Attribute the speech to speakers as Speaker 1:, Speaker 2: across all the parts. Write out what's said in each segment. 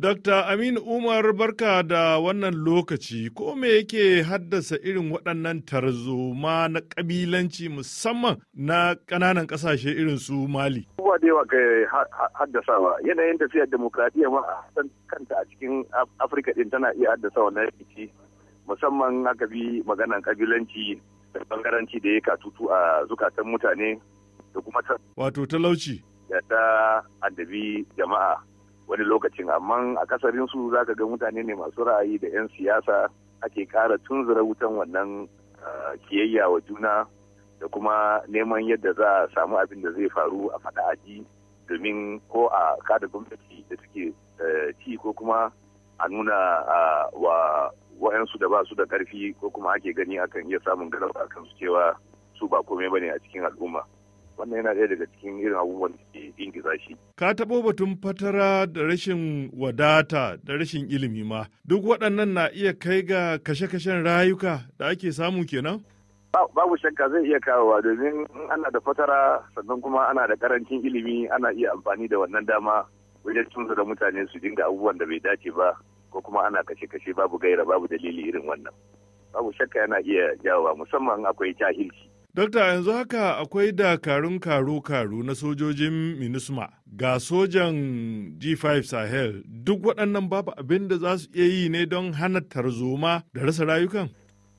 Speaker 1: Dr. Aminu Umar barka da wannan lokaci ko me yake haddasa irin waɗannan tarzoma na ƙabilanci musamman na ƙananan ƙasashe irin su Mali?
Speaker 2: Kowa da yawa kai haddasawa yanayin tafiyar demokradiyya ma a kanta a cikin Afirka ɗin tana iya haddasa wannan rikici musamman aka bi maganan ƙabilanci da bangaranci da ya katutu a zukatan mutane da kuma ta.
Speaker 1: Wato talauci.
Speaker 2: Da ta addabi jama'a. wani lokacin amma a kasarin su zaka ga mutane ne masu ra'ayi da 'yan siyasa ake kara tunzura wutan wannan ah, kiyayya wa juna da kuma neman yadda za a samu abin da zai faru a faɗa aji domin ko a kada gwamnati da suke eh, ci ko kuma a nuna ah, wa wa'yansu da ba su da karfi ko kuma ake gani akan iya samun galaba a su cewa su ba komai bane a cikin al'umma. wannan yana ɗaya daga cikin irin abubuwan da ke ingiza shi.
Speaker 1: Ka taɓo batun fatara da rashin wadata da rashin ilimi ma duk waɗannan na iya kai ga kashe-kashen rayuka da ake samu kenan?
Speaker 2: Babu shakka zai iya kawowa domin ana da fatara sannan kuma ana da karancin ilimi ana iya amfani da wannan dama wajen tunsa da mutane su dinga abubuwan da bai dace ba ko kuma ana kashe-kashe babu gaira babu dalili irin wannan. Babu shakka yana iya jawowa musamman akwai jahilci.
Speaker 1: Dokta yanzu haka akwai dakarun karo-karo na sojojin Minisma ga sojan G5 Sahel duk waɗannan babu abin da za su iya yi ne don hana tarzoma da rasa rayukan?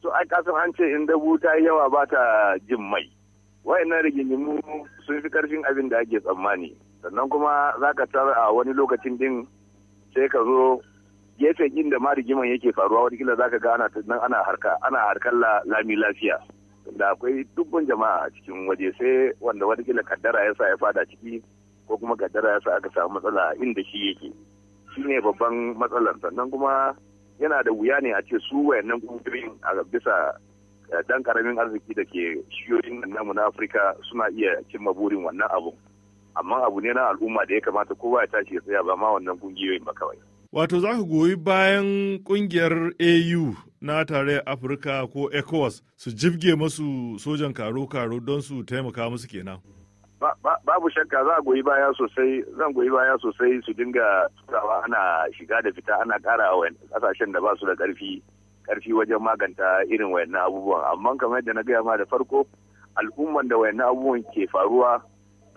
Speaker 1: To
Speaker 2: ai kasan hance in dabu ta yawa ba ta jin mai. Wayannan rigingimu sun fi karfin abin da ake tsammani. Sannan kuma za ka tara a wani lokacin din sai ka zo gefen inda ma rigiman yake faruwa wani kila za ka ga ana harkar lami lafiya. da akwai dubban jama'a a cikin waje sai wanda wani watakila kaddara ya sa ya fada ciki ko kuma kaddara ya sa aka samu matsala inda shi yake shi ne babban matsalar sannan kuma yana da wuya ne a ce su wayannan kungiyoyin a bisa dan eh, karamin arziki da ke shiyoyin namu na afirka suna iya cimma burin wannan abu amma abu ne na al'umma da ya kamata kowa ya tashi ya tsaya ba ma wannan kungiyoyin ba kawai
Speaker 1: wato za ku goyi bayan kungiyar au na tare afirka ko ecowas su jibge masu sojan karo-karo don su taimaka musu kenan
Speaker 2: babu shakka za a goyi baya sosai zan goyi baya sosai su dinga turawa ana shiga da fita ana kara wa kasashen da ba su da karfi karfi wajen maganta irin wayannan abubuwan amma kamar yadda na gaya ma da farko al'umman da wayannan abubuwan ke faruwa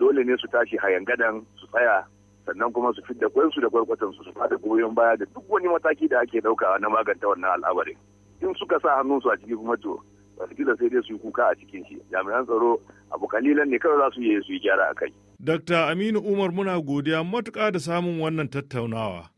Speaker 2: dole ne su tashi hayangadan su tsaya sannan kuma su fidda kwansu da kwarkwatan su su fada goyon baya da duk wani mataki da ake dauka na maganta wannan al'amarin. in suka sa hannunsu a ciki kuma to watakila sai dai su yi kuka a cikin shi jami'an tsaro abu kalilan ne kawai za su yi su yi
Speaker 1: gyara a kai. Dr. Aminu Umar muna godiya matuƙa da samun wannan tattaunawa.